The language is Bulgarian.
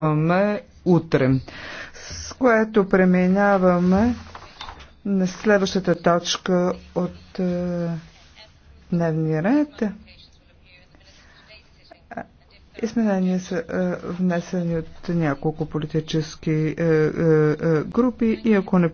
продължаваме утре, с което преминаваме на следващата точка от е, дневния ред. Изменения са е, внесени от няколко политически е, е, е групи и ако не